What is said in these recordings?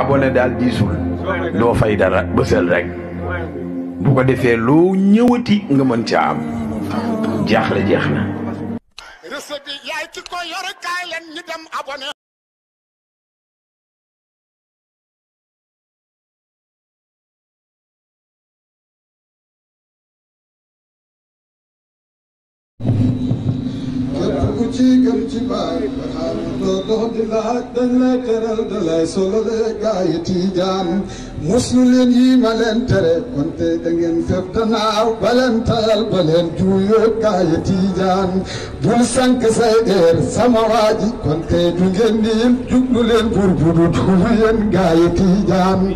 abonné daal diisul doo fay dara bësal rek bu ko defee loo ñëwati nga mën ca am jaaxle jeex na. ci ko yore kaay leen ñu dem ci gëm ci baay doo dox di laaj dañ lay teral da lay solole gaa yi tiijaan mos nu yi ma tere konte da ngeen fépp danaaw ba leen tayal ba leen juuyoo gaaya bul sank say deer sama waaji konte du ngeen niil jublu leen pour bu du duulu yéen gaaya tiijaan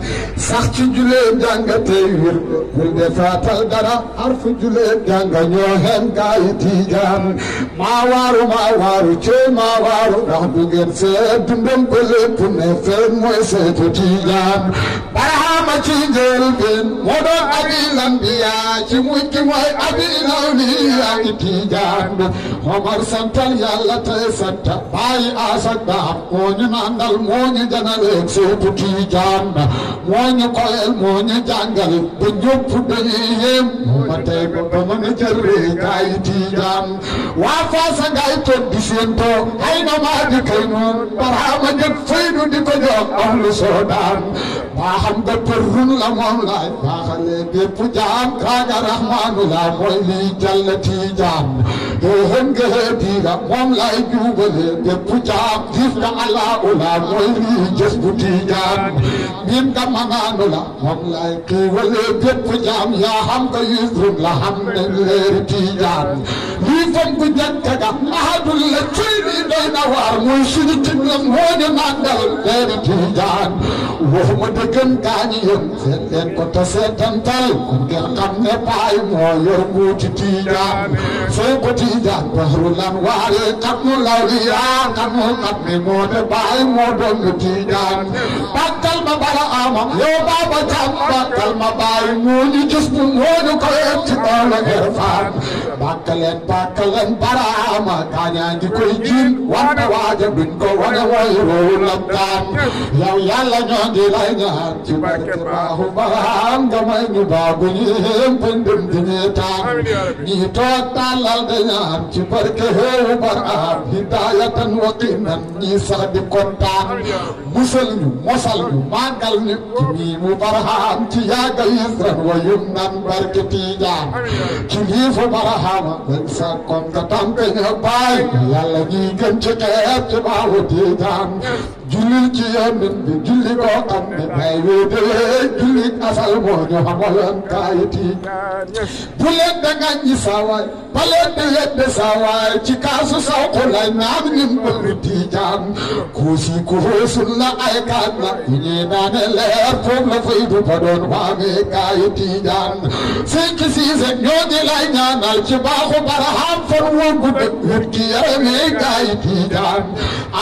sax ci julee jàngate wir bul defaatal dara harfu julee jànga ñoo heen gaaya tiijaan ma waaru ma waaru cee ma waaru ndax du ngeen seet dundam ko lépp ne feet mooy seetu tiijaan ci njëlbéen moo doon abil anbiyaa ci mujj mooy abil awliyaa itijaan bi Omar santal yàlla tey sant bàyyi asak baam moo ñu nandal moo ñu janaleeg seetu tijaan ba moo ñu koyel moo ñu jàngal ba ñëpp dañuy yéem ma tey ba ba mën a jërree gaay tijaan waa faasa gaay toog di seen toog ay na maa di kay noon baraama njëkk fay nu di ko jox ahlu soodaan ruxunu la moom laay baaxale bépp jaam kaaga rahmaanu la mooy lii jallati jaam hën gëhë diiga moom laay ga alaahu la mooy doy na waar mooy suñu tibla moo di màggal benn tijaan waxuma dëggan gaañi yëpp seet leen ko te seetantal kon ngeen xam ne paay moo yor nguuti tijaan foo ko tijaan baxru lan waare kat mu lawliyaa kat mu baay moo doon lu tijaan bàkkal baay moo ñu gis bu ko yett ولد الفار باكلن باكلن براما كان عندي كل جيل وانا واجب منكو وانا ويرو لبدان لو يلا نوندي لا نهار تبارك الله برام جمعي باغوني بندم دنيتا نيتو تالال دنيار تبارك هو برام هداية وقنا نيسا دي كونتان مسلم مسلم مانقل نبتني مبرهام تياغ يسرن ويمنان بركتي جان kilifa barahama dañ sakkoon nga tampe ñu baay yàlla gën ci ci baawu tiitaan jullil ci yonent bi julli boo xam ne day wéedelee julli asal moo ñu xamaloon taayiti bu leen da nga ba leen di wedde ci kaasu saw ko lay naan ñun bëgg tiijaan kuusi kuusul na ay kaat na ku ñuy naane leer koom la fay du ba doon waamee kaayu tiijaan sëñ ki siise di lay ñaanal ci baaxu baraxam fan wu gudd wér gi yaram yi gaay tiidaan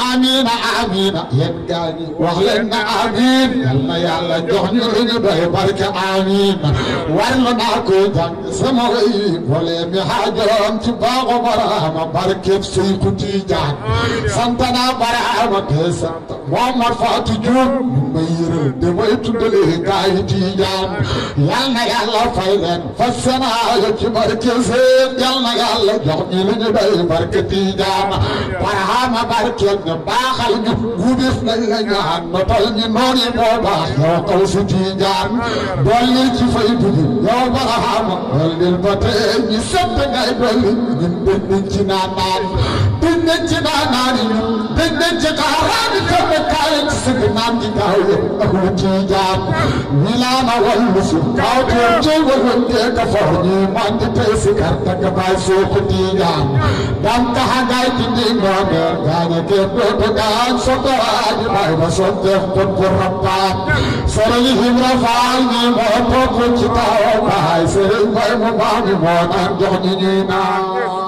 amina amina yéen gaay yi wax leen na amin yal na yàlla jox ñu lu ñu doy barke amin war la naa ko jàng sama way walee mi xaajoon ci baaxu baraxama barke seyku tiidaan santana baraxama te sant Muhammad Fatou Diouf ñu may yëral damay tuddalee gaay tiidaan yal na yàlla fay leen fa sanaa waajal ci barke seen yal na jox ñu lu ñu doy barke Tijaana barahama barkeel ñu baaxal ñu gudif nañ la ñaan notal ñu noon yi moo baax yow kaw si Tijaan ci fay dugi yow barahama dollil ba tey ñu sëpp ngay dolli ñun bëgg ci naan nañ ci daanaan yi dégg nañ ci xaaraan yi taw na kaay ci sa maam di daaw yëpp ak lu ciy jaam ñu laan a wal lu su kaw teew ci wëwën dee ka for ñu man di tey si kar takk baay soo ko di jaam dam taxa ngaay di di ngoone gaane kee dootu gaan soto waaji baay ba soo def ko ko rabbaat sëriñ Ibra Faal ñi moo topp ci taw baay sëriñ mooy mu maami moo naan jox ñu ñuy naan